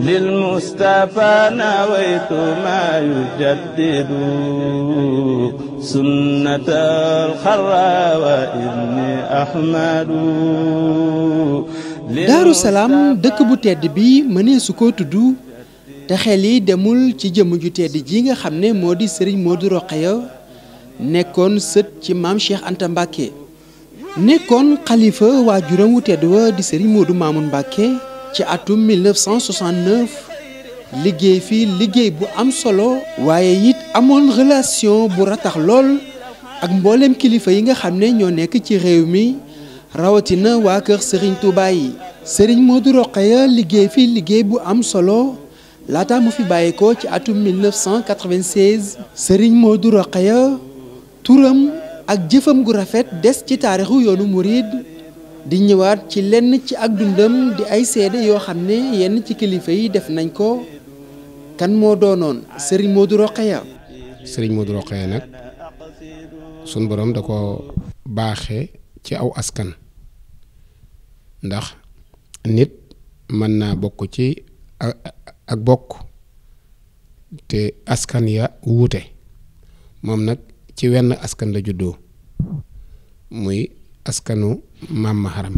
للمصطفى نويت ما يجدد سنة الخرى وإني أحمد Daaru Salaam dëkk bu tedd bi mënee su ko tudd te xel yi demul ci jëmm ju tedd ji nga xam ne moo di sëriñ Modou Rokhaya nekkoon sët ci maam Cheikh Anta Mbacke nekkoon xalifa waajuram wu tedd wa di sëriñ Modou Mamoun Mbacke ci atum 1969 liggéey fii liggéey bu am solo waaye it amoon relation bu ratax lool ak mboolem kilifa yi nga xam ne ñoo nekk ci réew mi rawatina waa kër Serigne Touba yi Serigne Modou Rokhaya liggéey fii liggéey bu am solo laata mu fi bàyyeekoo ci atum 1996 Serigne Modou Rokhaya turam ak jëfam gu rafet des ci taarixu yoonu Mouride. di ñëwaat ci lenn ci ak dundam di ay seede yoo xam ne yenn ci kilifa yi def nañ ko kan moo doonoon Serigne Modou Rokhaya. Serigne Modou Rokhaya nag sun boroom da ko baaxe ci aw askan ndax nit mën naa bokk ci ak bokk te askan ya wuute moom nag ci wenn askan la juddoo muy askanu. maam ma xaram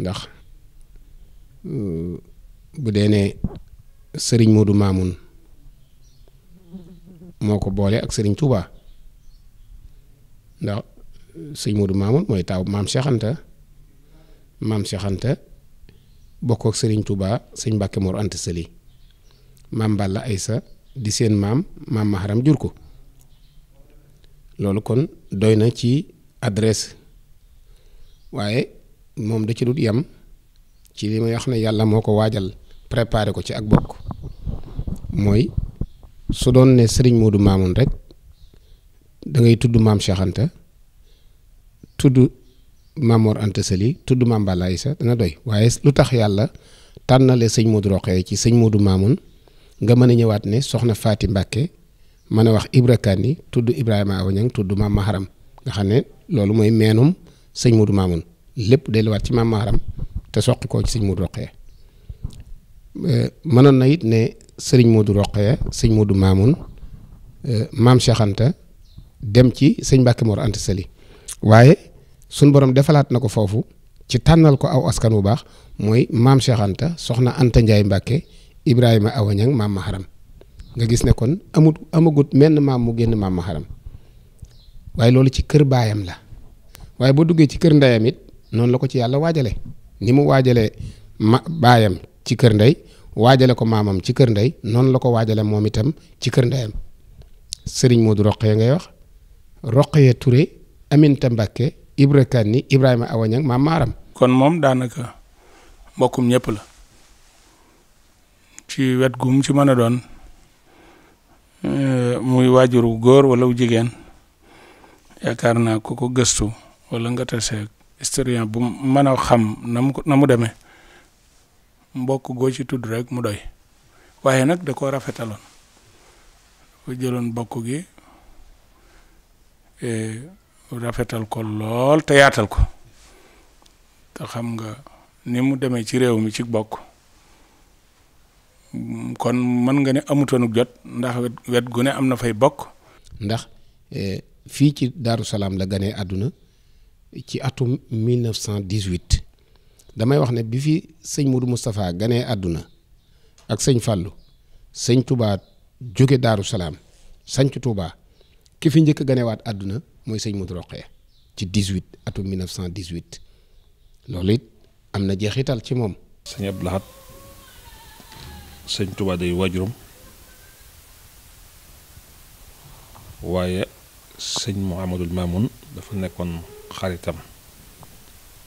ndax euh, bu dee ne sëriñ Modou Mamoun moo ko boole ak sëriñ Touba ndax sëriñ Modou Mamoun mooy taaw maam Cheikh Anta maam Cheikh Anta bokk sëriñ Touba sëñ Mbàkke Mor Anta Sali maam Balla Aysa di seen maam maam ma xaram jur ko loolu kon doy na ci adresse waaye moom da ci dut yem ci li may wax ne yàlla moo ko waajal préparé ko ci ak bokk mooy su doon ne Serigne Modou Mamoun rek dangay tudd maam Cheikh tudd maam Mor Anta Sali tudd maam Balla Issa dana doy waaye lu tax yàlla tànnale sëñ Modou Rokhaya ci sëñ Modou Mamoun nga mën a ñëwaat ne soxna Faati Mbàkke mën a wax Ibra Kani tudd Ibrahima Awa Niang tudd maam Maharam nga xam ne loolu mooy meenum sëñ Modou Mamoun lépp delluwaat ci maam Maharam te soqi koo ci sëñ Modou Roqee euh, mënoon na ne sëriñ Modou Roqee sëñ Modou maam euh, Cheikh dem ci sëñ Mbàkke Mor Anta Sali waaye sunu borom defalaat na ko foofu ci tànnal ko aw askan wu baax mooy maam Cheikh soxna Anta Ndiaye Mbàkke Ibrahima Awañang maam Maharam nga gis ne kon amut amagut menn maam mu génn maam Maharam waaye loolu ci kër baayam la. waaye boo duggee ci kër ndeyam it noonu la ko ci yàlla waajale ni mu waajale ma baayam ci kër ndey waajale ko maamam ci kër ndey noonu la ko waajale moom itam ci kër ndeyam sëriñ Modou Roqee ngay wax Roqee Touré Aminta Mbacke Ibra Kani Ibrahima Awañang maam maaram kon moom daanaka mbokkum ñëpp la ci wet gum ci mën doon eh, muy waajuru góor wala jigéen yaakaar naa ko ko gëstu wala nga taseeg historien bu mën a xam na mu na mu demee mbokk goo ci tudd rek mu doy waaye nag da koo rafetaloon dafa jëloon bokk gi e, rafetal ko lool te yaatal ko te xam nga ni mu demee ci réew mi ci bokk kon mën nga ne amutoonuk jot ndax wet gu ne am na fay bokk ndax e, fii ci Daaru Salaam la ganee àdduna ci atum 1918 damay wax ne bi fi sëñ Modou Moustapha ganee àdduna ak sëñ Fallou sëñ Touba jóge Daaru Salaam sanc Touba ki fi njëkk ganewaat àdduna mooy sëñ Modou Rokhaya ci 18 atum 1918 loolu it am na jeexital ci moom. sëñ Abdou Lahad sëñ Touba day waajuram waaye sëñ Mouhamadul Mamoun dafa nekkoon. xaritam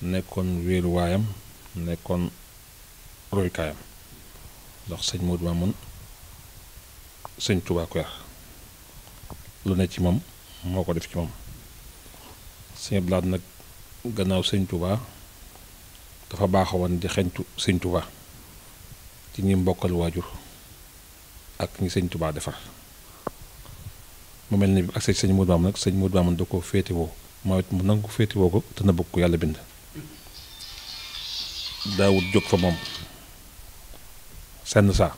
nekkoon wéeruwaayam nekkoon roykaayam ndox sëñ Modou Mamoun sëñ Touba ko lu ne ci moom moo ko def ci moom sëñ Abdou nag gannaaw sëñ Touba dafa baaxawoon di xeñtu sëñ Touba ci ñi mbokkal waajur ak ñi sëñ tubaa defar mu mel ni bi ak sëñ Modou Mamoun nag sëñ Modou Mamoun da ko féetewoo mooy mu nangu féeti woo ko te na bëgg ko yàlla bind daawut jóg fa moom senn saa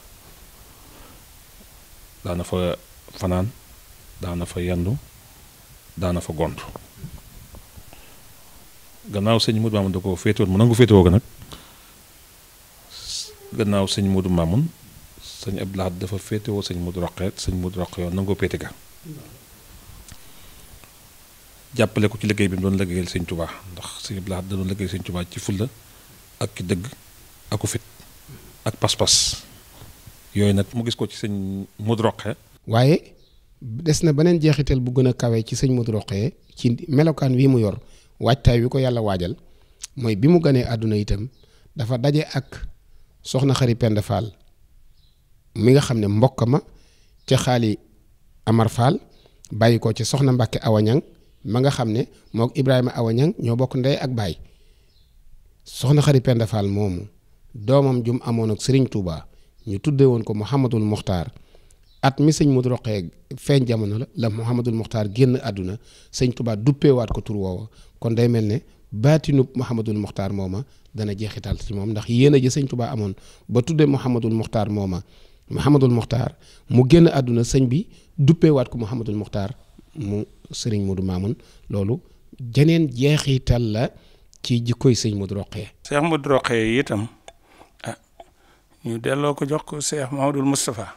daana fa fanaan daana fa yendu daana fa gont gannaaw sëñ Modou Mamoun da koo féetewoon mu nangu féetewoo ko nag gannaaw sëñ Modou Mamoun sëñ Abdou Lahad dafa féetewoo sëñ Modou Roqe sëñ Modou Roqe yoon nangoo péete ga jàppale ko ci liggéey bi mu doon liggéeyal sañ Tuubaa ndax sëñ Abdul Ahad da doon liggéey sëñ Tuubaa ci fulla ak ci dëgg aku fit ak pas-pas yooyu nag mu gis ko ci sëñ Modou waaye des na beneen jeexital bu gën a kawe ci sëñ Modou Roqe ci melokaan wi mu yor waajtaay wi ko yàlla waajal mooy bi mu ganee àdduna itam dafa daje ak soxna xari Penda Fall mi nga xam ne mbokk ma ca xaali Amar Fall bàyyi ko ci soxna Mbàkke Awañang ma nga xam ne moog Ibrahima Awañang ñoo bokk ndey ak baay soxna Xari Penda Fall moomu doomam jum amoon ak Serigne Touba ñu tuddee woon ko Mouhamadul Mokhtar at mi sëñ Modou Rokhaya feeñ jamono la la Mouhamadul Mokhtar génn àdduna sëñ Touba duppeewaat ko tur woowa kon day mel ne baatinub Mouhamadul Mokhtar mooma dana jeexital si moom ndax yéen a ji sëñ Touba amoon ba tuddee Mouhamadul Mokhtar mooma Mouhamadul Mokhtar mu génn àdduna sëñ bi duppeewaat ko Mouhamadul Mokhtar. mu sëriñ Modou Mamoun loolu jeneen jeexital la ci jikkoy sëñ Modou Rokhaya. Cheikh Modou Rokhaya itam ah ñu delloo ko jox ko Cheikh Mahamadul Moustapha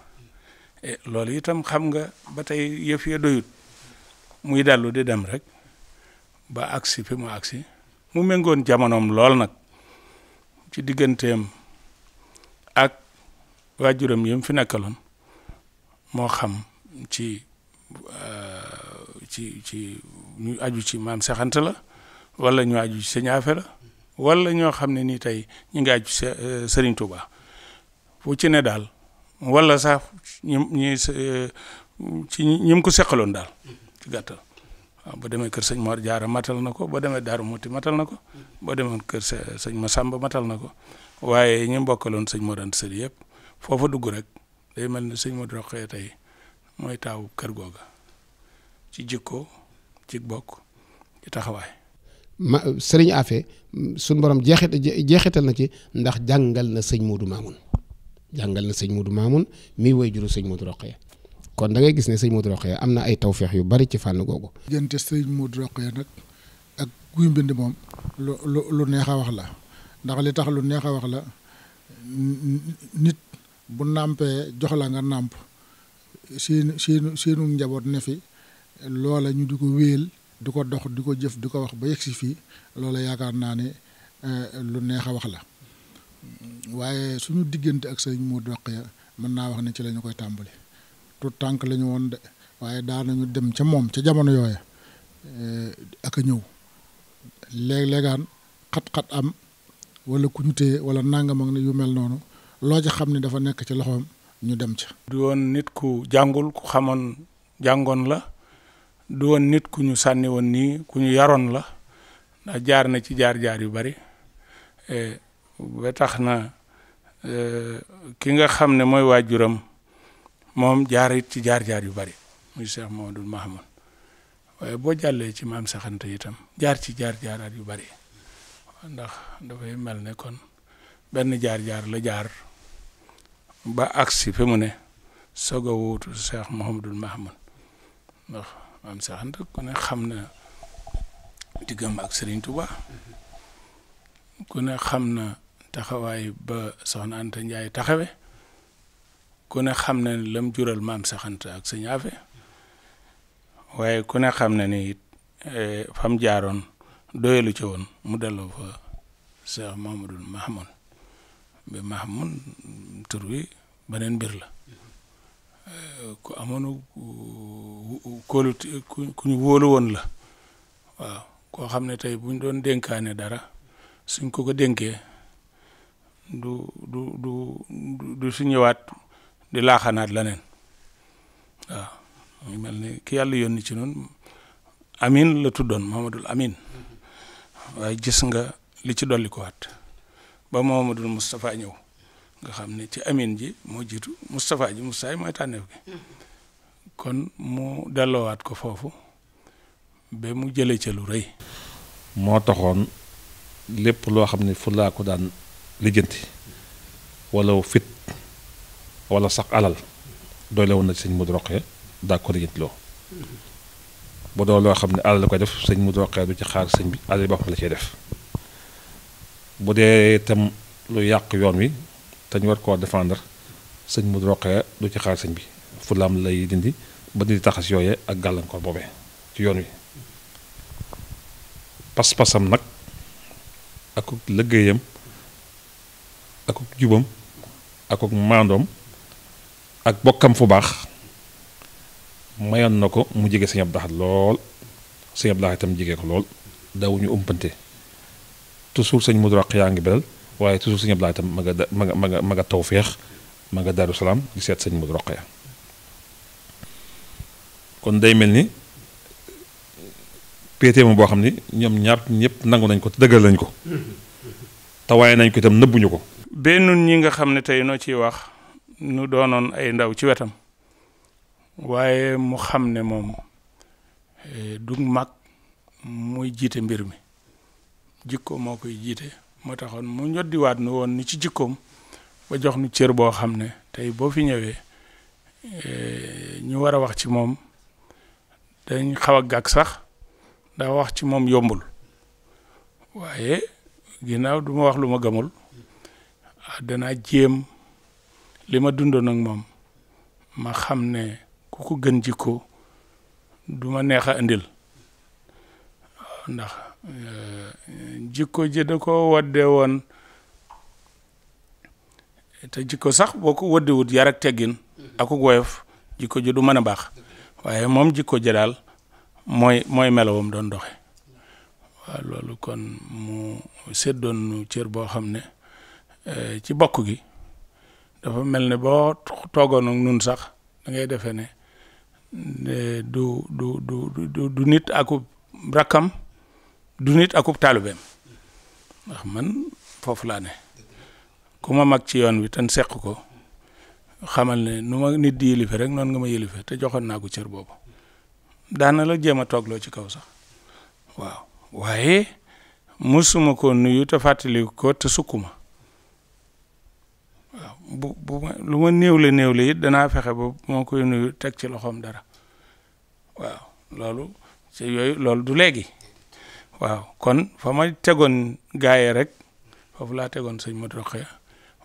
eh, loolu itam xam nga ba tey yëf ya doyut muy dellu di dem rek ba agsi fi mu agsi mu méngoon jamonoom lool nag ci digganteem ak waajuram yi mu fi nekkaloon moo xam ci. Ah, ci ci ñu aju ci maam saxant la wala ñu aju ci sëñ Afe la wala ñoo xam ne nii tey ñu ngi aju ci Sëriñ euh, tuba fu ci ne daal wala sax ñi ñi euh, ci ñi ko seqaloon daal ci gàttal waaw demee kër sëñ Mor Jaara matal na ko ba demee Daaru Muti matal na ko ba demee kër sëñ Masamba matal na ko waaye ñi bokkaloon sëñ Mor Anta Sali yëpp foofa dugg rek day mel ne sëñ Modou Rokhaya tey mooy taaw kër googa ci jikko ci bokk ci taxawaay. ma sëriñ Afe suñ borom jeexital na ci ndax jàngal na sëñ Modou Mamoun jàngal na sëñ Modou Mamoun mii woy juru sëñ Modou Rokhaya kon da ngay gis ne sëñ Modou Rokhaya am na ay tawféex yu bari ci fànn googu. diggante sëñ Modou Rokhaya nag ak guy mbind moom lu lu lu neex a wax la ndax li tax lu neex a wax la nit bu nàmpee jox la nga nàmp seen seenu njaboot ne fi. loola ñu di ko wéel di ko dox di ko jëf di ko wax ba yegg si fii loola yaakaar naa ne eh, lu neex a wax la waaye suñu diggante ak sëñ Modou Rokhaya mën naa wax ne ci lañu koy tàmbali tout tànk la ñu woon de waaye daanañu dem ca moom ca jamono yooya eh, ak a ñëw léeg-léegaan xat-xat am wala ku ñu téye wala nangam ak yu mel noonu loo ca xam ne dafa nekk ci loxoom ñu dem ca. du woon nit ku jàngul ku xamoon jàngoon la. du woon nit ku ñu sànni woon nii ku ñu yaroon la ndax jaar na ci jaar-jaar yu bari e, ba tax na e, ki nga xam ne mooy waajuram moom jaarit ci jaar-jaar yu bari muy Cheikh Mamadou Mahamoud waaye boo jàllee ci maam saxante itam jaar ci jaar-jaaraat yu bari ndax dafay mel ne kon benn jaar-jaar la jaar ba agsi fi mu ne soog a wuutu Cheikh Mahamadou Mahamoud maam Seex Anta ku xam na diggam ak Serigne Touba ku ne xam na taxawaay ba Soxna Anta Ndiaye taxawe ku ne xam na ni lam jural maam Seex Anta ak Sëñ Afe waaye ku ne xam na ni it eh, fam jaaroon doyalu ci woon mu delloo fa Cheikh Mahamadul Mahamoun bi Mahamoun tur wi beneen la eh, ku amoon kóolut ku ñu wóolu woon la waaw koo xam ne tey buñ doon dénkaane dara suñ ko ko dénkee du du du du su ñëwaat di laaxanaat leneen waaw mu mel ni ki yàlla yónni ci noonu amin la tuddoon Mamadul Amin waaye gis nga li ci dolli ko waat ba Mamadul Moustapha ñëw nga xam ne ci amin ji moo jiitu Moustapha ji Moustapha yi mooy tànneef gi kon mu delloowaat ko foofu ba mu jëlee ca lu rëy. moo taxoon lépp loo xam ne fu laa ko daan lijjanti wala fit wala sax alal doole woon na ci mu Modou Rokhaya daa ko lijjanti loo bu doo loo xam ne alal la koy def sëñ Modou Rokhaya du ci xaar sëñ bi alal boppam la ciy def bu dee tam lu yàq yoon wi te ñu war koo défendre sëñ Modou Rokhaya du ci xaar sëñ bi. fulaam lay dindi ba dindi taxas yooyee ak gàllankoor boobee ci yoon wi pas-pasam nag akuk lëggéeyam akuk jubam akuk maandoom ak bokkam fu baax mayoon na ko mu jege Sëñ Abdou Lahad lool Sëñ Abdou Lahad itam jege ko lool dawuñu umpante toujours sëñ mu Rokhaya yaa ngi beral waaye toujours Sëñ Abdou tam itam ma nga ma nga ma nga ma nga ma nga Daaru di seet sëñ Modou ya kon day mel ni PTM boo xam ne ñoom ñaar ñëpp nangu nañ ko te dëggal nañ ko tawaay nañ ko itam nëbbuñu ko. benn ñi nga xam ne tey noo ciy wax nu doonoon ay ndaw ci wetam waaye mu xam ne moom e, du mag muy jiite mbir mi jikko moo koy jiite moo taxoon mu ñoddiwaat nu woon ni ci jikkoom ba jox nu cër boo xam ne tey boo fi ñëwee e, ñu war a wax ci moom. dañ xaw a gàgg sax da wax ci moom yombul waaye ginnaaw duma wax lu ma gëmul ah, danaa jéem li ma dundoon ak moom ma xam ne ku ko gën jikko du ma neex a indil ndax eh, jikko ji da ko wadde woon te jikko sax boo ko waddewut yar ak teggin ak woyof jikko ji du mën a baax waaye moom jikko ji mooy mooy melawam doon doxe waaw loolu kon mu séddoon cër boo xam ne eh, ci bokk gi dafa mel ne boo toogoon ak nun sax da ngay defee ne du du du du nit akub rakkam du nit akub taalubeem ndax man foofu laa ne ku mag ci yoon wi tan seq ko xamal ne nu ma nit di yëlife rek noonu nga ma yëlife te joxoon naa ko cër boobu daana la jéem a toogloo ci kaw sax waaw waaye musuma koo nuyu te fàttali ko te sukkuma waaw bu bu ma lu danaa fexe ba moo teg ci loxoom dara loolu ci yooyu loolu du léegi waaw kon fa ma tegoon gaaye rek foofu laa tegoon sëñ Modou Rokhaya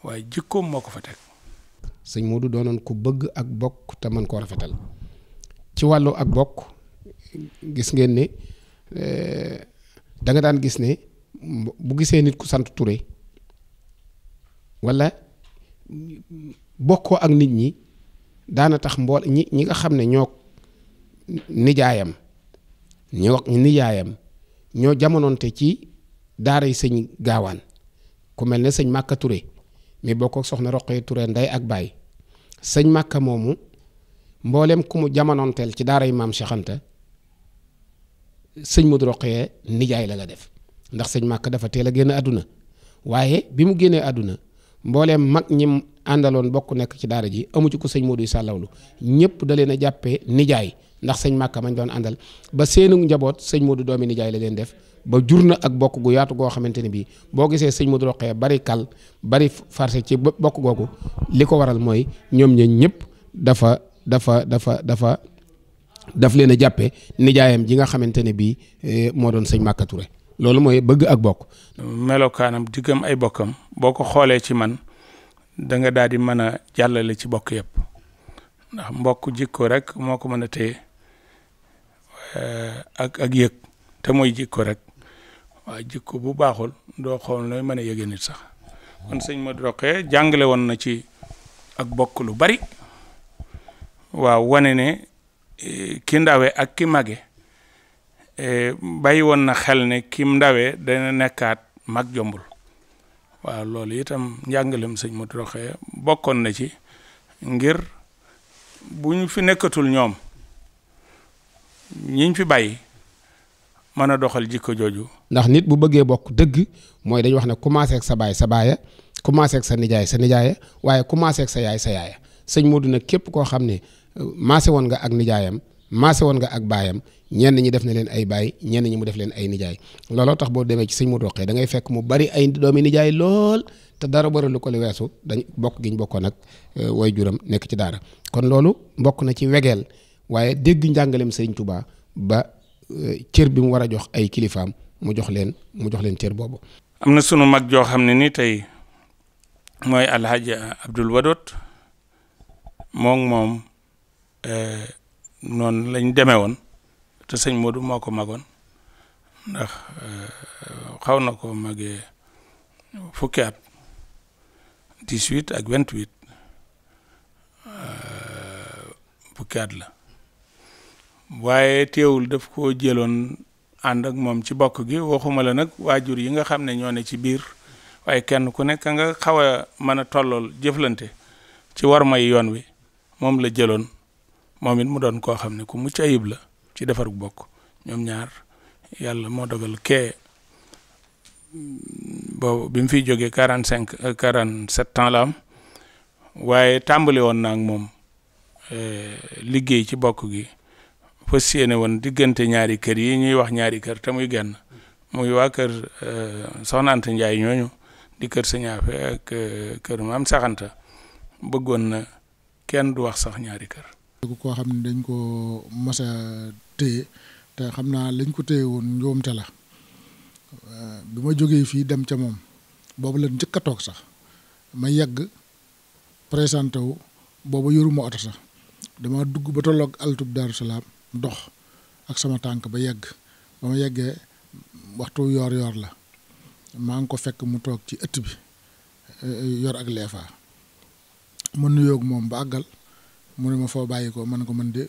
waaye jikkoom moo ko fa teg sëñ Modou doonoon ku bëgg ak bokk te mën koo rafetal ci wàllu ak bokk gis ngeen ni eh, da nga daan gis ne bu gisee nit ku sant Touré wala bokkoo ak nit ñi daana tax mbool ñi ñi nga xam ne ñoo nijaayam ñoo nijaayam ñoo jamonoonte ci daara sëñ gaawaan ku mel ne sëñ Màkka Touré mi bokk ak soxna Roqee ture ndey ak baay sëñ Màkka moomu mboolem ku mu jamonoonteel ci daara yi maam Cheikh Anta sëñ Modou Rokhaya nijaay la la def ndax sëñ Màkka dafa teel a génn àdduna waaye bi mu génnee àdduna mboolem mag ñi àndaloon bokk nekk ci daara ji amu ci ko sëñ Modou sàllawlu ñëpp da leen a jàppee nijaay ndax sëñ Màkka mañ doon àndal ba seenu njaboot sëñ Modou doomi nijaay la leen def ba jur na ak bokk gu yaatu goo xamante ne bii boo gisee sëñ Modou Rokhaya bari kal bari farse ci bokk googu li ko waral mooy ñoom ña ñëpp dafa dafa dafa dafa daf leen a jàppe nijaayam ji nga xamante ne bii eh, moo doon sëñ Màkka Touré loolu mooy bëgg ak bokk. melokaanam diggam ay bokkam boo ko xoolee ci man danga nga daal di mën a jàllale ci bokk yépp ndax mbokk jikko rek moo ko mën a téye eh, ak ak yëg te mooy jikko rek. waaye jikko bu baaxul doo xool nooy mën a yëge nit sax kon sëñ Modou Rokhaya jàngale woon na ci ak bokk lu bari waaw wane ne e, ki ndawe ak ki mage e, bayi woon na xel ne kiim ndawe da nekkaat mag jombul waaw loolu itam njàngalem sëñ Modou Rokhaya bokkoon na ci ngir bu ñu fi nekkatul ñoom ñiñ fi bayi mën a doxal jikko jooju ndax nit bu bëggee bokk dëgg mooy dañu wax ne commencé ak sa baay sa baaya commencé sa nijaay sa nijaaya waaye commencé sa yaay sa yaaya sëñ Modou nag képp koo xam ne euh, maase woon nga ak nijaayam maase woon nga ak baayam ñenn ñi def na leen ay baay ñenn ñi mu def leen ay nijaay looloo tax boo demee ci sëñ mu Rokhaya da ngay fekk mu bari ay doomi nijaay lool te dara waral lu ko li weesu dañ bokk gi ñu bokkoon ak euh, way juram nekk ci daara kon loolu bokk na ci wegeel waaye dégg njàngaleem sëriñ Touba ba euh, cër bi mu war a jox ay kilifaam mu jox leen mu jox leen cër boobu. am na sunu mag joo xam ne nii tey mooy Alhaji Abdul Wadot moom moom eh, noon lañ deme woon te sëñ Modou moo ko magoon ndax eh, xaw na ko magee fukki at dix-huit ak vingt-huit eh, fukki at la waaye teewul daf koo jëloon. ànd ak moom ci bokk gi waxuma la nag waajur yi nga xam ne ñoo ne ci biir waaye kenn ku nekk nga xaw a mën a tollool jëflante ci war may yoon wi moom la jëloon moom it mu doon koo xam ne ku mu ayib la ci defarug bokk ñoom ñaar yàlla moo dogal kee mm, boobu bi mu fiy jógee quarante cinq euh, quarante sept ans la am waaye tàmbali woon naa ak moom euh, liggéey ci bokk gi fas yéene woon diggante ñaari kër yi ñuy wax ñaari kër te muy genn muy waa kër euh, Soxna Anta Ndiaye ñooñu di kër Sëñ Afe ak Saxanta euh, bëggoon na kenn du wax sax ñaari kër. koo xam ne dañ ko mos a te xam naa lañ ko téye woon njuumte la euh, bi ma jógee fii dem ca moom boobu la njëkk a toog sax ma yegg présenté wu booba yoruma oto sax dama dugg ba tolloog altub Daaru dox ak sama tànk ba yegg ba ma yeggee waxtu yoor yoor la maa ngi ko fekk mu toog ci ëtt bi eh, yor ak leefaa ma nuyoog moom ba àggal mu ne ma foo bàyyi ko man ko man de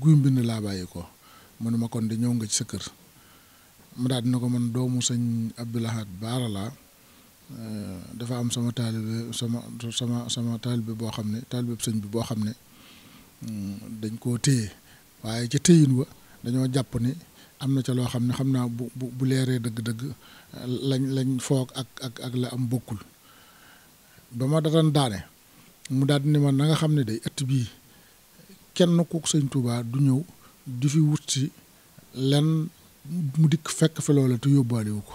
guy mbind laa bàyyi ko mu ne ma kon di ñëw nga ci sa kër ma daal dina ko man doomu sëñ Abdoulahad Baara laa eh, dafa am sama taalibe sama sama sama taalibe boo xam ne taalibe sëñ bi boo xam ne mm, dañ koo téye waaye ca tëyin wa dañoo jàpp ni am na ca loo xam ne xam naa bu bu bu leeree dëgg-dëgg eh, lañ lañ foog ak ak ak la am bokkul ba ma daan daane mu daal di ne man nga xam ne day ëtt bii kenn ku sëñ Touba du ñëw di fi wut si lenn mu dikk fekk fi loola te yóbbaale ko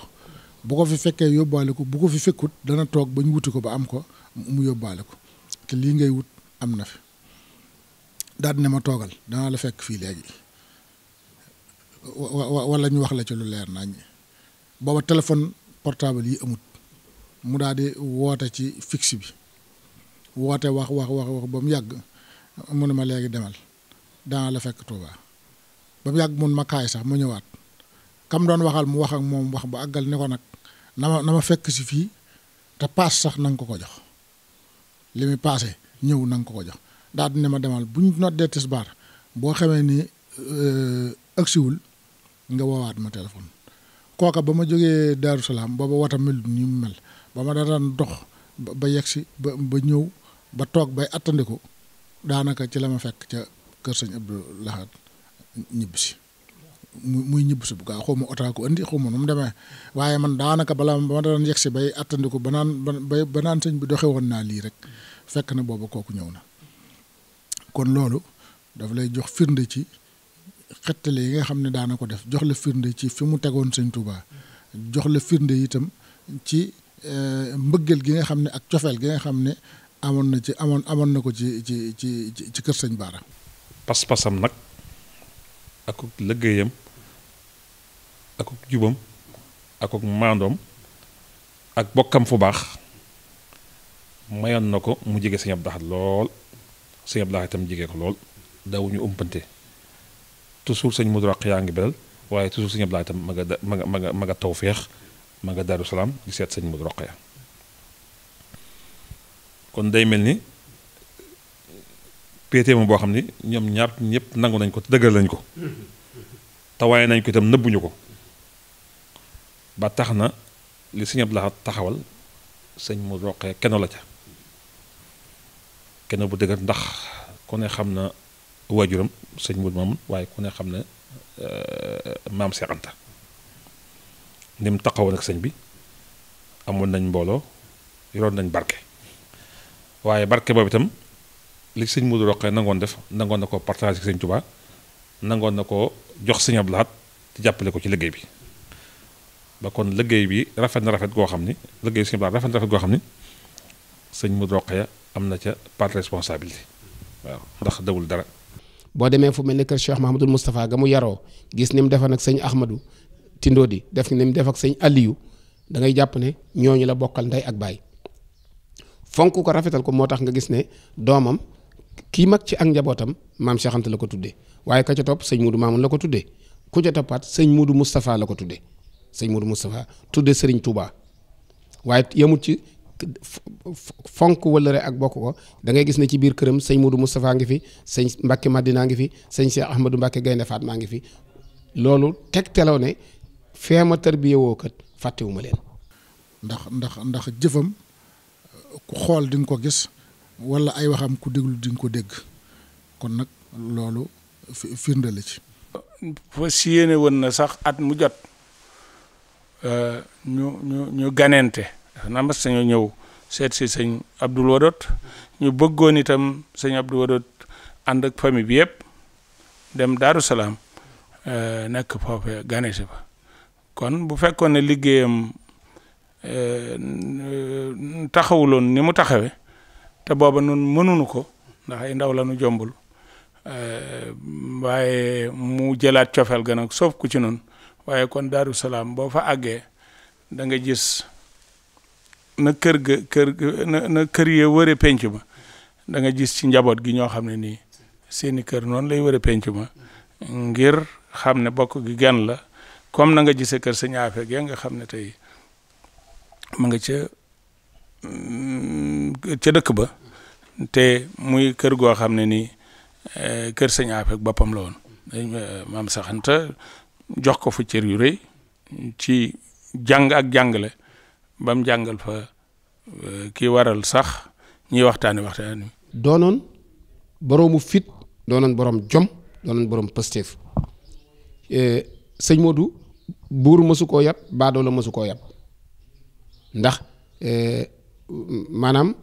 bu ko fi fekkee yóbbaale ko bu ko fi fekkut dana toog ba ñu wuti ko ba am ko mu yóbbaale ko te lii ngay wut am na fi. daal ne ma toogal danaa la fekk fii léegi walla ñu wax la ci lu leer nañ booba téléphone portable yi amut mu daal di woote ci fixe bi woote wax wax wax wax ba mu yàgg mu ne ma léegi demal danaa la fekk Touba ba mu yàgg mun ma kaay sax mu ñëwaat kam doon waxal mu wax ak moom wax ba àggal ne ko nag na ma fekk si fii te paas sax na ko ko jox li muy paase ñëw na ko ko jox daal di ma demal bu ñu noddee tisbaar boo xamee ni euh, agsiwul nga woowaat ma téléphone kooka ba ma jógee Daaru Salaam booba woto mel ni mu mel ba ma daan dox ba yegg si ba ba ñëw ba toog bay attandiku daanaka ci la ma fekk ca kër sëñ Abdou Lahad ñibbi muy ñibb si bu gaaw xaw ma otaa ko andi xaw ma nu mu demee waaye man daanaka balaa ba ma daan yegg si bay attandiku ba naan ba ba naan sëñ bi doxe woon naa lii rek fekk na boobu kooku ñëw na kon loolu daf lay jox firnde ci xettale yi nga xam ne daana ko def jox la firnde ci fi mu tegoon sëñ Touba jox la firnde itam ci eh, mbëggeel gi nga xam ne ak cofeel gi nga xam ne amoon na ci amoon amoon na ko ci ci ci ci kër sëñ Baara. pas-pasam nag ak lëggéeyam ak jubam ak maandoom ak bokkam fu baax mayoon na ko mu jege sëñ Abdu Ahad lool sëñ Abdoulaye itam jigee ko lool dawuñu umpante toujours sëñ Modou Rokhaya yaa ngi beral waaye toujours sëñ Abdoulaye tam ma nga ma nga ma nga ma nga tawféex ma nga Daaru Salaam di seet sëñ Modou ya kon day mel ni PTM boo xam ni ñoom ñaar ñëpp nangu nañ ko te dëggal nañ ko tawaay nañ ko itam nëbbuñu ko ba tax na li sëñ Abdoulaye taxawal sëñ Modou Rokhaya kenoon la ca. kenn bu dëgër ndax ku ne xam na waajuram sëñ Mourou Mamoun waaye ku ne xam ne euh, maam Cheikh Anta ni ak sëñ bi amoon nañ mbooloo yoroon nañ barke waaye barke boobu itam li sëñ Mourou Roqe nangoon def nangoon na ko partage ak sëñ Touba nangoon na ko jox sëñablaat te jàppale ko ci liggéey bi ba kon liggéey bi rafet na rafet goo xam ni liggéey sëñ Abdou Lahad rafet na rafet goo xam ni sëñ Mourou Roqe am na ca part responsabilité waaw ndax dawul dara. boo demee fu mel ni kër Cheikh Mahamadul Moustapha ga mu yaroo gis ni mu defoon ak sëñ Ahmadou Tindo di def ni mu def ak sëñ Aliou da ngay jàpp ne ñooñu la bokkal ndey ak baay fonk ko rafetal ko moo tax nga gis ne doomam kii mag ci ak njabootam maam Cheikh la ko tudde waaye ka ca topp sëñ Moudou Mamoun la ko tuddee ku ca toppaat sëñ Moudou Moustapha la ko tuddee sëñ Moudou Moustapha tuddee Serigne Touba waaye yemut fonk wëllëre ak bokk ko da gis ne ci biir këram sëñ Modou Moustapha ngi fi sëñ Mbacke Madina ngi fi sëñ Cheikh Ahmadou Mbacke Gaynde maa ngi fi loolu tegtaloo ne feema tarbiye woo kat fàttewuma leen. ndax ndax ndax jëfam ku xool di ko gis wala ay waxam ku déglu di ko dégg kon nag loolu firnde la ci. fa si yéene woon na sax at mu jot euh, ñu ganente. ndax na mas ñëw seet si sëñ Abdul Wadot ñu bëggoon itam sëñ Abdul Wadot ànd ak famille bi yëpp dem Daaru Salaam eh, nekk foofe gane fa kon bu fekkoon ne liggéeyam eh, taxawuloon ni mu taxawe te booba nun mënunu ko ndax ay ndaw la nu jombul eh, waaye mu jëlaat cofeel ga nag ku ci noonu waaye kon Daaru boo fa àggee danga nga gis na kër ga kër na kër yee wëre penc ma da nga gis ci njaboot gi ñoo xam ne nii seeni kër noonu lay wëre penc ma ngir xam ne bokk gi gen la comme na nga gisee kër sa ñaafe gi nga xam ne tey ma nga ca mm, ca dëkk ba te muy kër goo xam ne nii eh, kër sa ñaafe boppam la woon eh, maam saxanta jox ko fu cër yu rëy ci jàng ak jàngale ba mu jàngal fa euh, ki waral sax ñuy waxtaanee waxtaan doonoon boroomu fit doonoon boroom jom doonoon boroom pësteef euh, sëñ Modou buur mësu koo yab baadoo la koo yab ndax euh, maanaam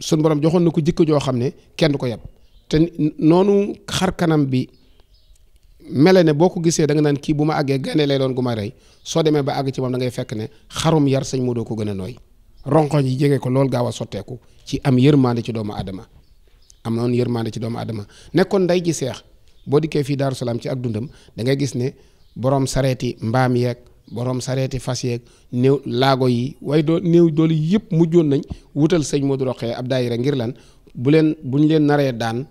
sun borom joxoon na ko jikko joo xam ne kenn du ko yab te noonu xar kanam bi. mele ne boo ko gisee da nga naan kii bu ma àggee gaynde lay doon gu ma rey soo demee ba àgg ci moom da ngay fekk ne xarum yar sëñ Modou ko gën a nooy ronkoñ yi jege ko loolu gaaw sotteeku ci am yërmande ci doomu adama am noonu yërmande ci doomu adama nekkoon nday ji seex boo dikkee fii Daaru Salaam ci ak dundam da ngay gis ne borom sareeti mbaam yeeg borom sareeti fas yeeg néew laago yi waaye doo néew doolu yëpp mujjoon nañ wutal sëñ Modou Rokhaya ab rek ngir lan bu leen bu ñu leen naree daan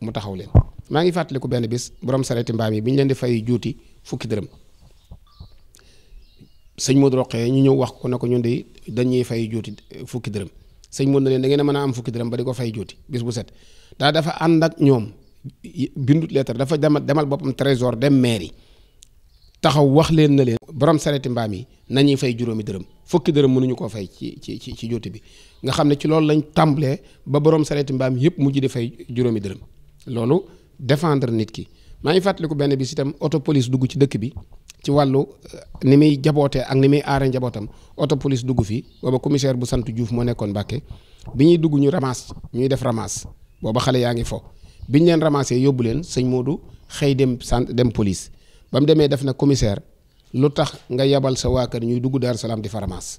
mu taxaw leen maa ngi fàttaliku benn bis borom sareti mbaam yi bi ñu leen fukki dërëm sëñ Modou Roqee ñu ñëw wax ko ne ko ñun de dañuy fay juuti fukki dërëm sëñ Modou ne leen da ngeen a mën a am fukki dërëm ba di ko fay juuti bis bu set daa dafa ànd ak ñoom bindut lettre dafa demal demal boppam trésor dem mairie taxaw wax leen na leen borom sareti mbaam yi nañuy fay juróomi dërëm fukki dërëm mënuñu koo fay ci ci ci ci juuti bi nga xam ne ci loolu lañ tàmbalee ba borom sareti mbaam yëpp mujj di fay juróomi dërëm loolu défendre nit ki maa ngi fàttaliku benn bis itam auto police dugg ci dëkk bi ci wàllu euh, ni muy jabootee ak ni muy aare njabootam auto police dugg fi booba commissaire bu sant juuf moo nekkoon Mbàkke bi ñuy dugg ñu ramasse ñuy def ramasse booba xale yaa ngi fo ñu leen ramassé yóbbu leen sëñ Modou xëy dem sant dem police ba mu demee def na commissaire lu tax nga yebal sa waa kër ñuy dugg daal Salaam di fa ramasse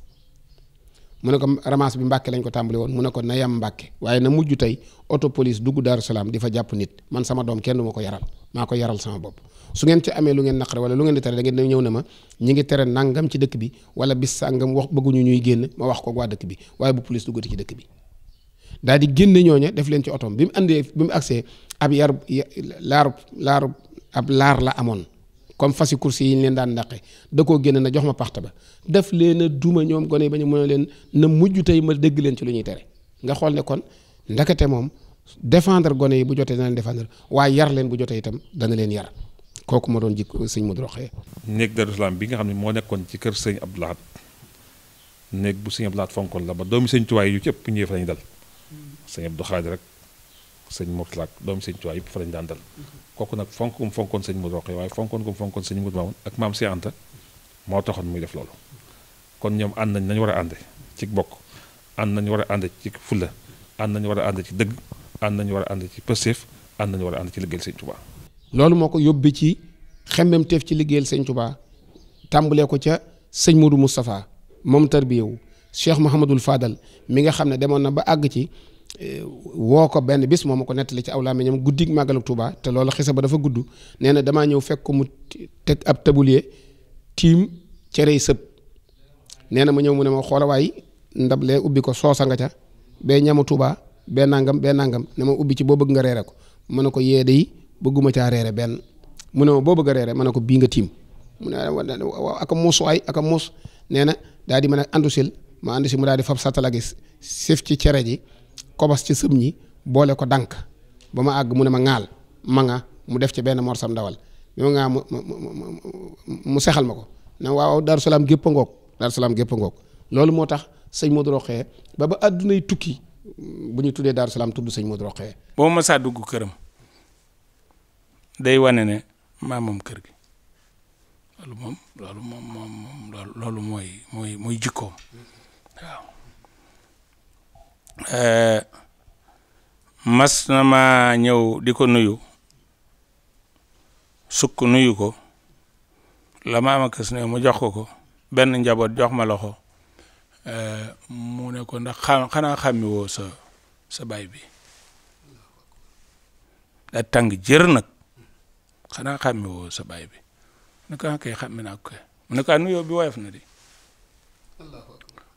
mu ne ko ramasse bi Mbàkke lañ ko tàmbali woon mu ne ko na yam Mbàkke waaye na mujj tey oto police dugg Daaru Salaam di fa jàpp nit man sama doom kenn du ma ko yaral maa ko yaral sama bopp su ngeen ci amee lu ngeen naqare wala lu ngeen di tere da ñëw ne ma ñi ngi tere nangam ci dëkk bi wala bis sàngam wax bëgguñu ñuy génn ma wax ko waa dëkk bi waaye bu police duggati ci dëkk bi daal di génne ñooña def leen ci otoom bi mu andee bi mu agsee ab yar laarub laarub ab laar la amoon comme fasi course yi ñu leen daan dàqe da koo génne na jox ma paxta ba def leen a duuma ñoom gone yi ba ñu mën a leen na mujj tey ma dégg leen ci lu ñuy tere nga xool ne kon ndakate moom défendre gone yi bu jotee dana leen défendre waaye yar leen bu jotee itam dana leen yar kooku ma doon jikko sëñ Modou Rokhaya néeg Darou Salam bi nga xam ne moo nekkoon ci kër sëñ ab Lahad néeg bu sëñ Abdou Lahad fonkoon la ba doomi sëñ Tuubaa yu yëpp ñu ñëwee fa lañ dal sëñ rek sëñ Mourtala ak doomi sëñ Tuubaa yëpp lañ daan dal kooku nag fonk gum fonkoon sëñ Modou Rokhaya waaye fonkoon gum fonkoon sëñ Modou Mamoun ak maam si Anta moo taxoon muy def loolu kon ñoom ànd nañ nañu war a ànde ci bokk ànd nañu war a ànde ci fulla ànd nañu war a ànd ci dëgg ànd nañu war a ànd ci pësteef ànd nañu war a ànd ci liggéeyal sëñ Touba. loolu moo ko yóbbi ci xemmemteef ci liggéeyal sëñ Touba tàmbalee ko ca sëñ Modou Moustapha moom tarbiyewu Cheikh Mouhamadul Fadal mi nga xam ne demoon na ba àgg ci woo ko benn bis moom ma ko nettali ci aw làmmiñam guddig màggalu Tuuba te loolu xisa ba dafa guddu nee na damaa ñëw fekk ko mu teg ab tabulier tiim cere yi sëb nee na ma ñëw mu ne ma xoola waay ndable ubbi ko soosa nga ca bee ñamu Tuuba bee nangam bee nangam ne ma ubbi ci boo bëgg nga reere ko ma ne ko yeede yi bëgguma caa reere benn mu ne ma boo bëgg a reere ma ne ko bii nga tiim mu ne waaw aka muus waay aka muus nee na daal di mën a andu ma andu si mu daal di fab satala gis sif ci cere ji kobos ci sëm ñi boole ko dànk ba ma àgg mu ne ma ŋaal ma nga mu def ci benn morsam ndawal bi ma ŋaa mu mu sexal ma ko ne waaw Daaru Salaam a ngoog Daaru gépp a ngoog loolu moo tax sëñ Modou Rokhaya ba àdduna yi tukki bu ñu tuddee Daaru Salaam tudd sëñ Modou Rokhaya boo masaa dugg këram day wane ne maa moom kër gi loolu moom loolu mooy mooy mooy jikkoom waaw Eh, mas na ma ñëw di ko nuyu sukk nuyu ko la ma am kës ne mu jox ko ko benn njaboot jox ma loxo eh, mu ne ko ndax xam xanaa xàmmi woo sa sa bi da tàng jër nag xanaa xàmmi woo sa baay bi ne ko ah, kay xàmmi naa ko kay mu ne ah, nuyoo bi woyof na di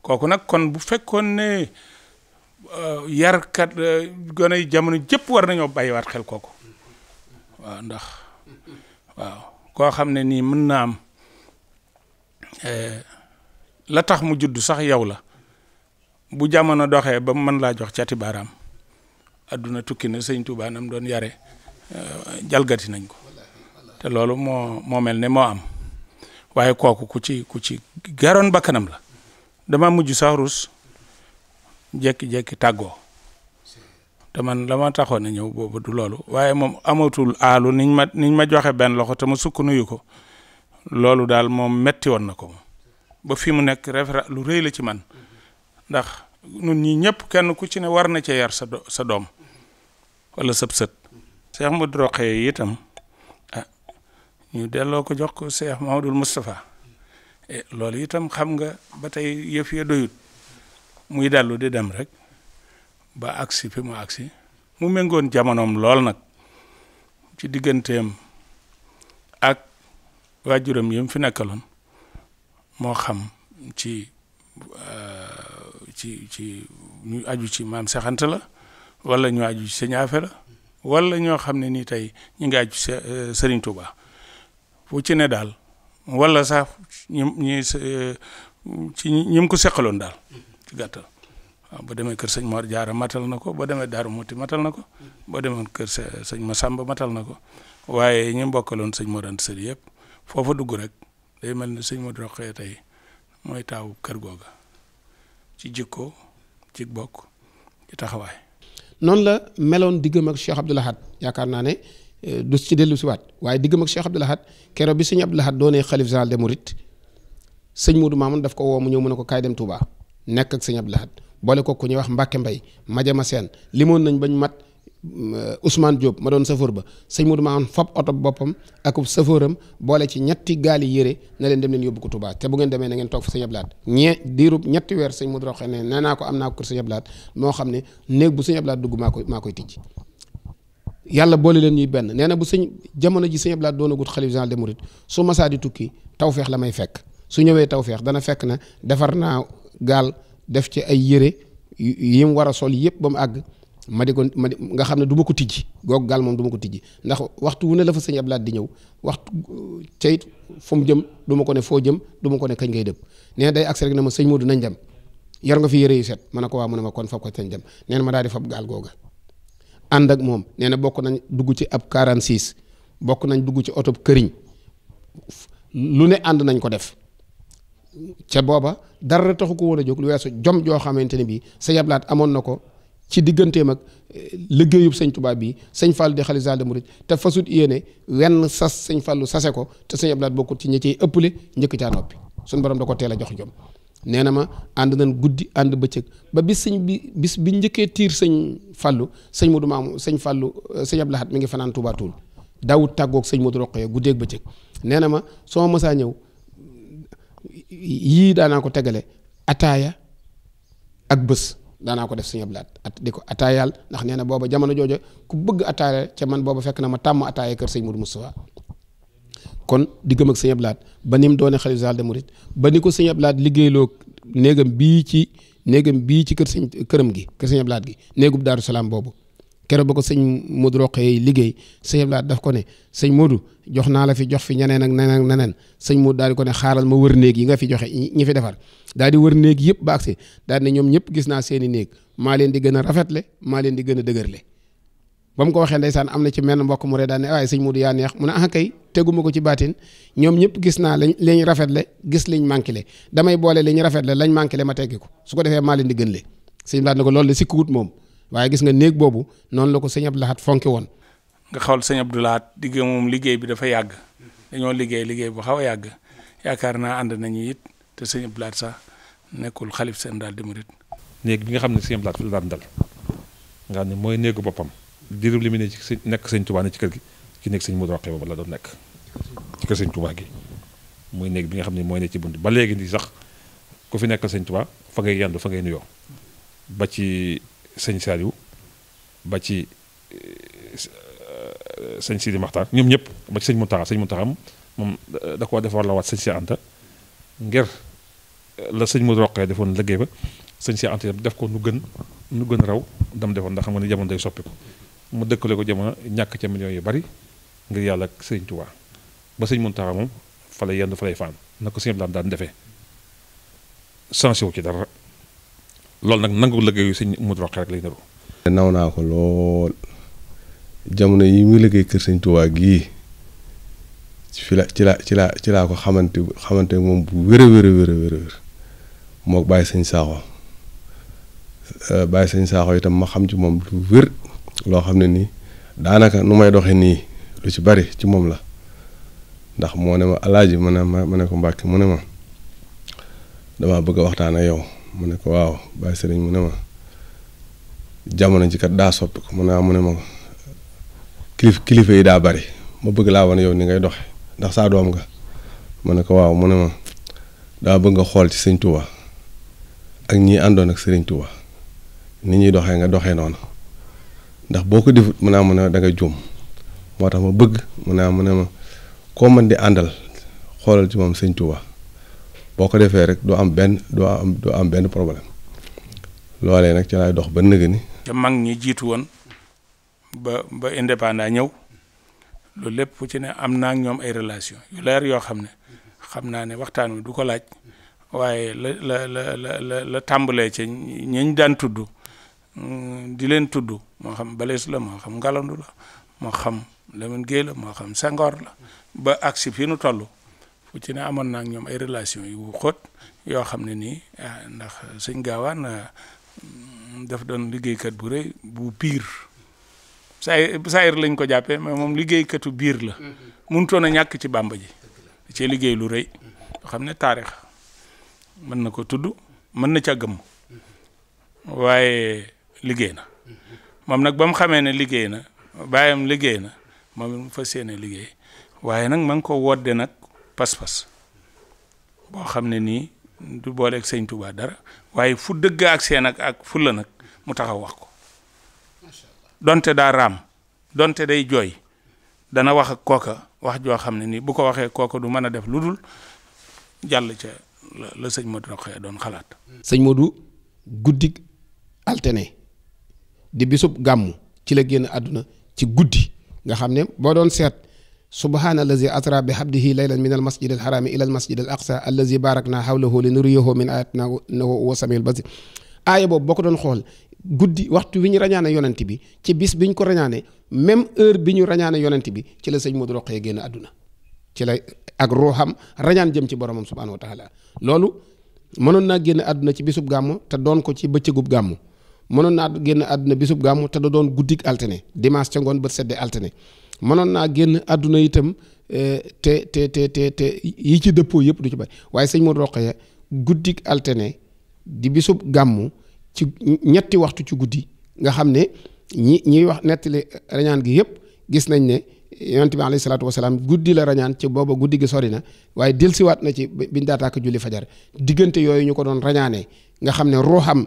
kooku nag kon bu fekkoon ne Euh, yar kat euh, gone yi jamono jëpp war nañoo waat xel kooku waaw ndax waaw koo xam ne nii mën na am euh, la tax mu judd sax yow la bu jamono doxee ba mu mën laa jox cati baaraam adduna tukki na sëñ Tuubaa nam doon yare jalgati nañ ko te loolu moo moo mel ne moo am waaye kooku ku ci ku ci garoon bakkanam la dama mujj sax rus jekki-jekki tàggoo te man la ma taxoon a ñëw boobu du loolu waaye moom amatul aalu niñ ma niñ ma joxe benn loxo ta ma sukk nuyu ko loolu daal moom metti woon na ko ba fi mu nekk référence lu rëy la ci man ndax nun ñi ñëpp kenn ku ci ne war na cee yar sa doom wala sëb sët Cheikh Modou Rokhaya itam ah ñu delloo ko jox ko Cheikh Mahamadul Moustapha eh, loolu itam xam nga ba tey yëf ya doyut mu muy dellu di dem rek ba agsi fi mu agsi mu méngoon jamonoom lool nag ci digganteem ak waajuram yi mu fi nekkaloon moo xam ci euh, ci ci ñu aju ci maam Seex Anta la wala ñu aju ci Sëñ Afe la ñoo xam ne nii tey ñu ngi aju ci euh, Sëriñ Tuubaa ci ne daal wala sax ñi ñi euh, ci ñi mu ko seqaloon daal ci gàttal waaw boo demee kër sëñ Mor Jaara matal na ko boo demee Daaru Muti matal na ko boo demee kër sëñ Masamba matal na ko waaye ñu mbokkaloon sëñ Mor Anta yëpp foofa dugg rek day mel ni sëñ Modou Rokhaya tey mooy taawu kër googa ci jikko ci bokk ci ak Cheikh Abdoul Ahad yaakaar naa ne eh, du ci dellu waaye diggam ak Cheikh Abdoul Ahad keroog bi sëñ daf ko woo ñëw mu ne ko kaay dem Touba. nekk ak sëñ Abdou boole ko ku ñuy wax Mbacke Mbay ma Seen limoon nañ bañ mat euh, Ousmane jóob ma doon safoor ba sëñ Modou ma am fab oto boppam ak safooram boole ci ñetti gaali yére na leen dem neen yóbbu ko tubaat te bu ngeen demee na ngeen toog fa sëñ Abdou Lahad ñee diirub ñetti weer sëñ Modou Rokhaya ne nee naa ko am naa ko kër sëñ Abdou moo xam ne néeg bu sëñ Abdou Lahad dugg maa koy maa koy tijji yàlla boole leen ñuy benn nee na bu sëñ jamono ji sëñ Abdou doon agut xalif général des mourides su masaa tukki tawfeex la may fekk su ñëwee tawfeex dana fekk na defar naa gaal def ci ay yére yi mu war a sol yëpp ba mu àgg ma di ko ma di nga xam ne du ma ko tijji googu gaal moom duma ko tijji ndax waxtu wu ne la fa sëñ Ablaat di ñëw waxtu tey fu mu jëm du ma ko ne foo jëm du ma ko ne kañ ngay dem nee na day agsi rek ne ma sëñ du nañ dem yar nga fi yére yu set ma ne ko waa mu ne ma kon fab ko sañ dem neen na ma daal di fab gaal googa ànd ak moom nee na bokk nañ dugg ci ab 46 bokk nañ dugg ci oto këriñ lu ne ànd nañ ko def. ce booba dara taxu ko woon a jóg lu weesu jom joo xamante ne bii sëñ Abdou amoon na ko ci digganteem ak eh, liggéeyub sëñ tubaab bi sëñ Fallu di xalifa de des mourides te fasut yéene wenn sas sëñ Fallu sase ko te sëñ ablaat Lahad bokkut ci ñi cay ëppale njëkk caa noppi suñu borom da ko teel a jox jom nee na ma ànd nañ guddi ànd bëccëg ba bis sëñ bi bis bi njëkkee tiir sëñ Fallu sëñ Modou Mamoune sëñ Fallu eh, sëñ Abdou Lahad mi ngi fanaan Tuubaa Tuul daawut tàggoog sëñ Modou Rokhaya guddeeg bëccëg nee na ma soo mësaa ñëw yii daanaa ko tegale ataaya ak bës daanaa ko def sëñ laat Lahad at di ko ataayaal ndax nee na booba jamono jooja ku bëgg ataaya ca man booba fekk na ma tàmm ataaya kër sëñ Modou Moustapha kon di gëm ak sëñ ba ni mu doone xalifa général des ba ni ko sëñ laat Lahad liggéeyloo néegam bii ci néegam bii ci kër sëñ këram gi kër sëñ gi néegub Daaru Salaam boobu keroog ba ko sëñ Modou Rokhaya liggéey sëñ Abdoulaye def ko ne sëñ Modou jox naa la fi jox fi ñeneen ak neneen ak neneen sëñ Modou daal di ko ne xaaral ma wër néeg yi nga fi joxe ñi fi defar daal di wër néeg yëpp ba si daal di ne ñoom ñëpp gis naa seeni néeg maa leen di gën a rafetle maa leen di gën a dëgërle ba mu ko waxee ndeysaan am na ci menn mbokk mu ree daal ne waaye sëñ Modou yaa neex mu ne ah kay teguma ko ci baatin ñoom ñëpp gis naa lañ liñ rafetle gis liñ manqué damay boole liñ rafetle lañ manqué ma teggi ko su ko defee maa leen di gën le sëñ Abdoulaye ne ko loolu la sikkuwut moom waaye gis nga néeg boobu noonu la ko sëñ Abdou Lahad fonki woon. nga xool sëñ Abdou laat digg moom liggéey bi dafa yàgg dañoo liggéey liggéey bu xaw a yàgg yaakaar naa ànd nañu it te sëñ Abdou sax nekkul xalif seen daal di murit néeg bi nga xam ne sëñ Abdou Lahad fi dal nga ne mooy néegu boppam diirub li mu ne ci nekk sëñ ci kër gi ci nekk sëñ Modou Rokhaya boobu la doon nekk ci kër sëñ gi mooy néeg bi nga xam ne mooy ne ci bunt ba léegi nii sax ku fi nekkal sëñ Touba fa ngay yendu fa ngay nuyoo ba ci sëñ Saliou ba ci euh, sëñ Sidi Maxtaar ñoom ñëpp ba ci sëñ Muntaxa sëñ Muntaxa moom da koo defar la waat sëñ si Anta ngir euh, la sëñ Modou Rokhaya defoon liggéey ba sëñ si Anta def ko nu gën nu gën raw dam defoon ndax xam nga ne jamono day soppiku mu dëkkale ko jamono ñàkk ca millions yu bari ngir yàlla ak sëñ Tuubaa ba sëñ Muntaxa moom fa lay yendu fa lay faan na ko sëñ Abdou daan defee sensé wu ci dara. loolu nag nangu liggéeyu sëñ Modou Rokhaya rek lay niru naw naa ko lool jamono yii muy liggéey kër sëñ Tuubaa gii fila ci laa ci laa ci laa ko xamante xamante moom bu wér a wér a moo bàyyi sëñ saaxo euh, bàyyi sëñ saaxo itam ma xam ci moom lu loo xam ne nii daanaka nu may doxee nii lu ci bari ci moom la ndax moo ne ma alaaji ma ne ma ne ko mbàkk mu ne ma dama bëgg a waxtaan ak yow mu ne ko waaw Baye Sëriñ mu ne ma jamono ji kat daa soppi ko mu ne mu ne ma kilif kilifa yi daa bari ma bëgg laa wane yow ni ngay doxe ndax saa doom nga ma ne ko waaw mu ne ma daa bëgg nga xool ci sëñ ak ñi àndoon ak sëriñ Touba ni ñuy doxee nga doxee noonu ndax boo ko defut mu ne mu ne da nga juum moo tax ma bëgg mu ne mu ne ma koo mën di àndal xoolal ci moom sëñ Touba. boo ko defee rek doo am benn doo am am benn problème loolee nag ci laay dox ba nëgë ni te mag ñi jiitu woon ba ba indépendant ñëw loolu lépp fu ci ne am naa ñoom ay relation yu leer yoo xam ne xam naa ne waxtaan wi du ko laaj waaye la la la la la la tàmbalee ca ñañ daan tudd mm, di leen tudd moo xam Blaise la moo xam Ngalandou la moo xam Lamine Guèye la moo xam Senghor la ba agsi fii nu toll ku ci ne amoon naa ak ñoom ay relation yi yu xóot yoo xam ne nii ah, ndax sëñ gaawaan mm, daf doon liggéeykat bu rëy bu biir saay saayir lañ ko jàppee mais moom liggéeykatu biir la mënutoon mm-hmm. a ñàkk ci bàmba ji ci liggéey lu rëy yoo xam ne taarix mën na ko tudd mën na ca gëmm waaye liggéey na mm-hmm. moom nag ba xamee ne liggéey na baayam liggéey na moom mu waaye nag ma ngi ko wodde nag pas-pas boo xam ne nii du booleeg sëñ Touba dara waaye fu dëgg ak seen ak ak fulla nag mu taxaw wax ko donte daa raam donte day jooy dana wax ak kooka wax joo xam ne nii bu ko waxee kooka du mën a def lu dul jàll ca la la sëñ Modou Rokhaya doon xalaat. sëñ Modou guddi altene di bisub gàmmu ci la génn àdduna ci guddi nga xam ne boo doon seet. subhaana allazi asra bi habdihi laylan min al masjid al harami ila al masjid al aqsa allazi barakna hawlahu li nuriyahu min ayatina innahu huwa samiul basir aaya boobu boo ko doon xool guddi waxtu wi ñu rañaane yonent bi ci bis bi ñu ko rañaane même heure bi ñu rañaane yonent bi ci la sëñ Modou Rokhaya génn àdduna ci la ak ruuxam rañaan jëm ci boromam subhaana wa taala loolu mënoon naa génn àdduna ci bisub gàmmu te doon ko ci bëccëgub gàmmu mënoon naa génn àdduna bisub gàmmu te da doon guddik altine dimanche ca ngoon bët altine mënoon naa génn àdduna itam eh, te te te te te yi ci dëppoo yëpp du ci bari waaye sëñ Modou Rokhaya guddi altene di bisub gàmmu ci ñetti waxtu ci guddi nga xam ne ñi ñiy wax nettali rañaan gi yëpp gis nañ ne yonent bi alayhi salaatu wasalaam guddi la rañaan ci booba guddi gi sori na waaye delsiwaat na ci bi biñ daataaka julli fajar diggante yooyu ñu ko doon rañaanee nga xam ne ruuxam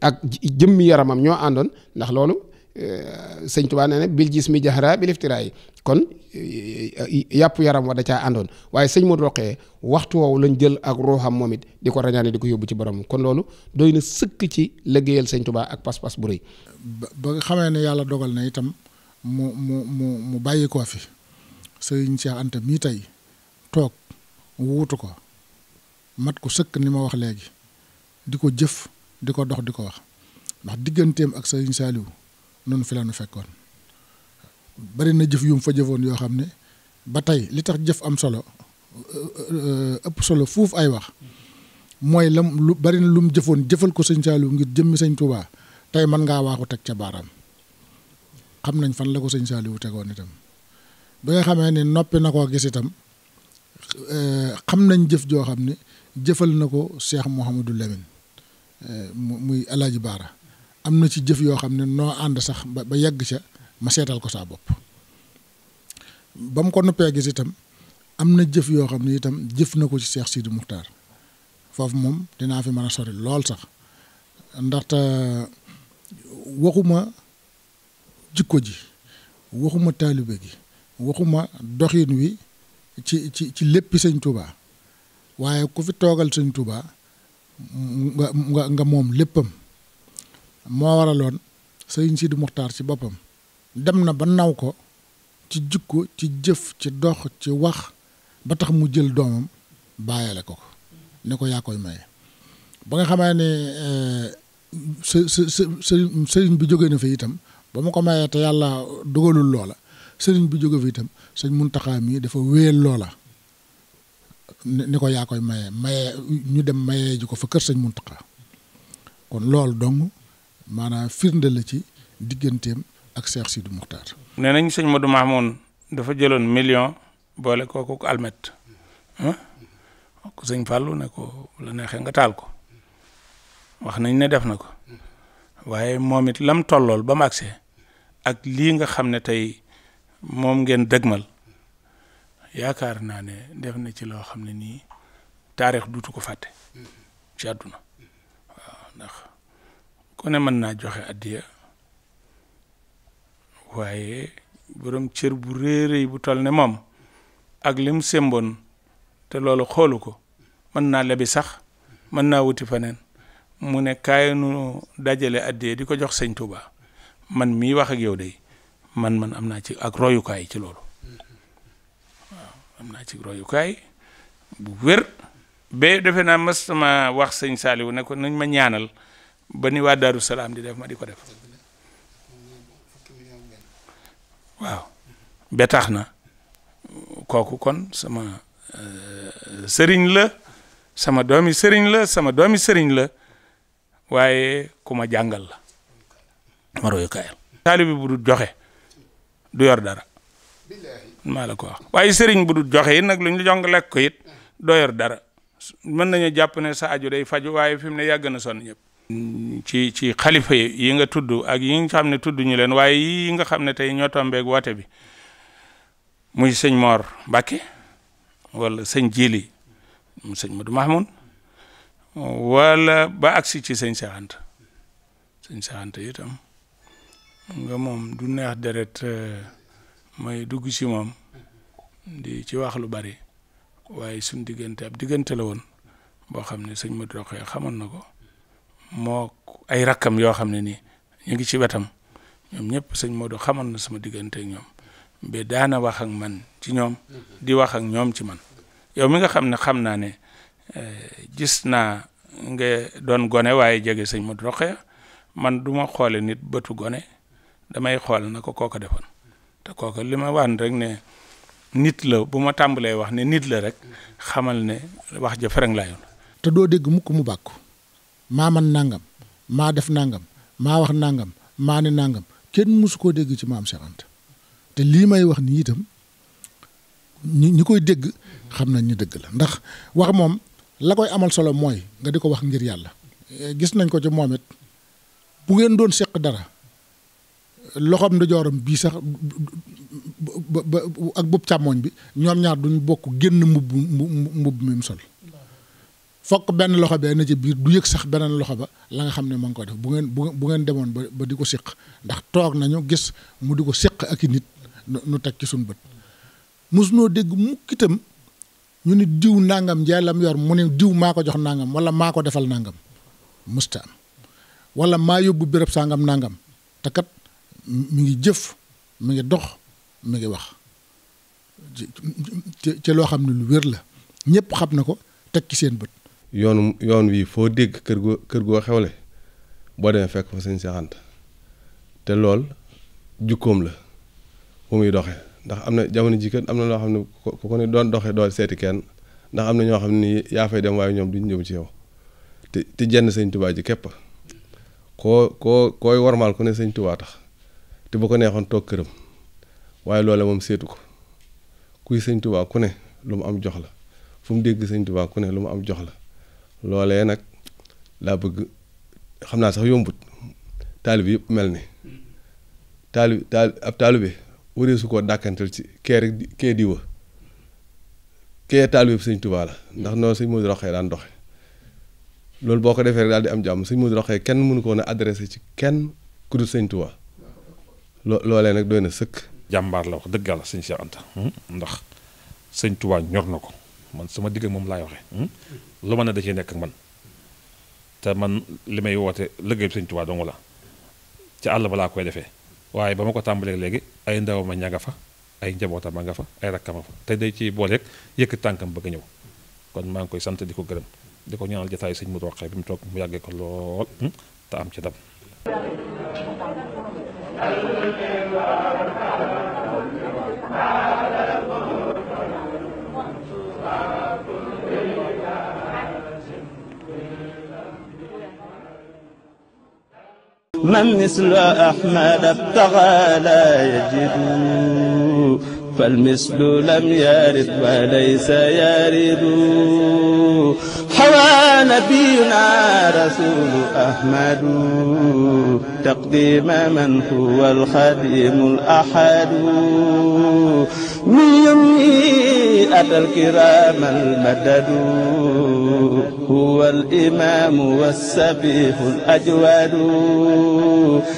ak jëmm yaramam ñoo àndoon ndax loolu Euh, sëñ Tuubaa nee na bil gis mi jaxra bil iftiraa yi kon euh, yàpp yaram wa da caa àndoon waaye sëñ Modou Rokhaya waxtu woowu lañ jël ak ruuxam moom it di ko rañaane di ko yóbbu ci borom kon loolu doy na sëkk ci liggéeyal sëñ Tuubaa ak pas-pas bu rëy. ba nga xamee ne yàlla dogal na itam mu mu mu mu bàyyi koo fi sëñ Cheikh Anta mii tey toog wuutu ko mat ko sëkk ni ma wax léegi di ko jëf di ko dox di ko wax ndax digganteem ak sëñ Saliou. noonu fi la fekkoon bari na jëf yu mu fa jëfoon yoo xam ne ba tey li tax jëf am solo euh, ëpp solo foofu ay wax mooy la lu bari na lu jëfoon jëfal ko sëñ Saliou ngir jëmmi sëñ Touba tey mën ngaa waaxu teg ca baaraam xam nañ fan la ko sëñ Saliou tegoon itam bi nga xamee ne noppi na koo gis itam euh, xam nañ jëf joo xam ne jëfal na ko Cheikh Mouhamadou Lamine euh, muy Alaaji Baara am na ci jëf yoo xam ne noo ànd sax ba ba yegg ca ma seetal ko saa bopp ba mu ko noppee gis itam am na jëf yoo xam ne itam jëf na ko ci Seex Sidi Muxtaar foofu moom dinaa fi mën a sori lool sax ndaxte waxuma jikko ji waxuma taalibe gi waxuma doxin wi ci ci ci léppi sëñ Touba waaye ku fi toogal sëñ tubaa nga nga moom léppam moo waraloon sëriñ Sidi Muxtaar ci boppam dem na ba naw ko ci jikko ci jëf ci dox ci wax ba tax mu jël doomam bàyyee la ko ne ko yaa maye ba nga xamee ne së së sëriñ bi jóge na fi itam ba mu ko mayee te yàlla dogalul sëriñ bi jóge fi itam sëñ Muntaxa mi dafa wéel loola ni ko yaa koy maye maye ñu dem mayee ji ko fa kër sëñ Muntaxa kon loolu dong maanaam firnde la ci digganteem ak Cheikh Sidou Moukhtar. nee nañ sëñ Modou Mamoun dafa jëloon million boole kooku almet ah, ku sëñ Fallou ne ko la neexee nga taal ko wax nañ ne def na ko waaye moom it lam tollool ba mu agsee ak lii nga xam ne tey moom ngeen dëgmal yaakaar naa ne def na ci loo xam ne nii taarix duutu ko fàtte ci àdduna waaw ku ne mën naa joxe addiya waaye borom cër bu réeréy bu tol ne moom ak lim semboon te loolu xoolu ko mën naa lebi sax mën naa wuti faneen mu ne kaay nu dajale addiya di ko jox sëñ Touba man mii wax ak yow de man man am naa ci ak royukaay ci loolu am naa ci royukaay bu wér ba defe naa mas ma wax sëñ saali wu ko nañ ma ñaanal ba ni waa Daaru di def ma di ko def waaw ba tax na kooku kon sama euh, sëriñ la sama doomi sëriñ la sama doomi sëriñ la waaye ku ma jàngal la ma royukaayal taalibi bu dul joxe du yor dara maa la ko waaye sëriñ bu dul joxe it nag lu ñu jong lekk ko it doo yor dara mën nañu jàpp ne sa aju day faju waaye fi mu ne yàgg na sonn ñëpp ci ci xalifa yi nga tudd ak yi nga xam ne tudd leen waaye yi nga xam ne tey ñoo woote bi muy sëñ Mor Mbacke walla sëñ Jili sëñ Madou Mahmoud wala ba agsi ci sëñ Cheikh Anta sëñ Cheikh itam nga moom du neex deret euh, may dugg ci moom di ci wax lu bari waaye suñ diggante ab diggante la woon boo xam ne sëñ Madou Rokhaya xamoon na ko moo ay rakkam yoo xam ne nii ñu ngi ci wetam ñoom ñëpp sëñ Modou xamoon na sama diggante ak ñoom ba daana wax ak man ci ñoom di wax ak ñoom ci man yow mi nga xam ne xam naa ne eh, gis naa nga doon gone waaye jege sëñ Modou Rokhaya man duma ma nit bëtu gone damay xool na ko kooka defoon te kooka li ma waan rek ne nit la bu ma tàmbalee wax ne nit la rek xamal ne wax ja fereng laayoon te doo dégg mukk mu bàkku maa man nangam maa def nangam maa wax nangam maa ni nangam kenn mësu koo dégg ci maam Cheikh te lii may wax nii itam ñi ñi koy dégg xam nañ ñu dëgg la ndax wax moom la koy amal solo mooy nga di ko wax ngir yàlla. Eh, gis nañ ko ci moom it bu ngeen doon seq dara loxoom ndijooram bii sax ba ba ak bopp càmmoñ bi ñoom ñaar duñu bokk génn mbub mbubb mbubb mi mu sol. fokk benn loxo bee na ci biir du yëg sax beneen loxo ba la nga xam ne moo ngi ko def bu ngeen bu ngeen demoon ba ba di ko séq ndax toog nañu gis mu di ko séq ak i nit nu teg ci suñu bët mos noo dégg mukk itam ñu ni diw nangam njee lam yor mu ne diw maa ko jox nangam wala maa ko defal nangam musta am wala maa yóbbu béréb sàngam nangam te kat mi ngi jëf mi ngi dox mu ngi wax ci loo xam ne lu wér la ñëpp xam ne ko teg ci seen bët yoonu yoon wii foo dégg kër goo kër goo xewle boo demee fekk fa sëñ Seex te lool jukkoom la bu muy doxe ndax am na jamono ji kat am na loo xam ne ko ne doon doxe doo seeti kenn ndax am na ñoo xam ni yaa fay dem waaye ñoom duñ ñëw ci yow te te jenn sëñ Tuubaa ji képp koo koo kooy warmaal ku ne sëñ Tuubaa tax te bu ko neexoon toog këram waaye loole moom seetu ko kuy sëñ Tuubaa ku ne lu mu am jox la fu dégg sëñ Tuubaa ku ne lu mu am jox la loole nag laa bëgg xam naa sax yombut taalib yëpp mel ni taalib taal ab taalibe waree su koo dàkkantal ci kee rek kee diwa kee taalib yëpp sëñ Tuubaa la ndax noonu sëñ Moodu Roxaya daan doxe loolu boo ko defee rek daal di am jàmm sëñ Moodu Roxaya kenn mënu koo woon a ci kenn ku dul sëñ Tuubaa loo loolee nag doy na sëkk. jàmbaar la wax dëgg yàlla sëñ Cheikh Anta hmm? ndax sëñ Tuubaa ñor na ko. man sama digg moom laay waxe hmm? lu man na da cee nekk ak man te man li may woote liggéey Sëñ Tuubaa dong la ci àll ba laa koy defee waaye ba ma ko tàmbalee léegi ay ndaw ma ña nga fa ay njabootam ma nga fa ay rakkama fa te day ci booleeg yëkk tànkam bëgg ñëw kon maa ngi koy sant di ko gërëm di ko ñaanal jataay sëñ mu roqee bi mu toog mu yàggee ko lool hmm? te am ci dam من مثل أحمد ابتغى لا يجد فالمثل لم يرد وليس يرد حوى نبينا رسول أحمد تقديم من هو الخديم الأحد من يمي أتى الكرام المدد هو الإمام والسبيح الأجود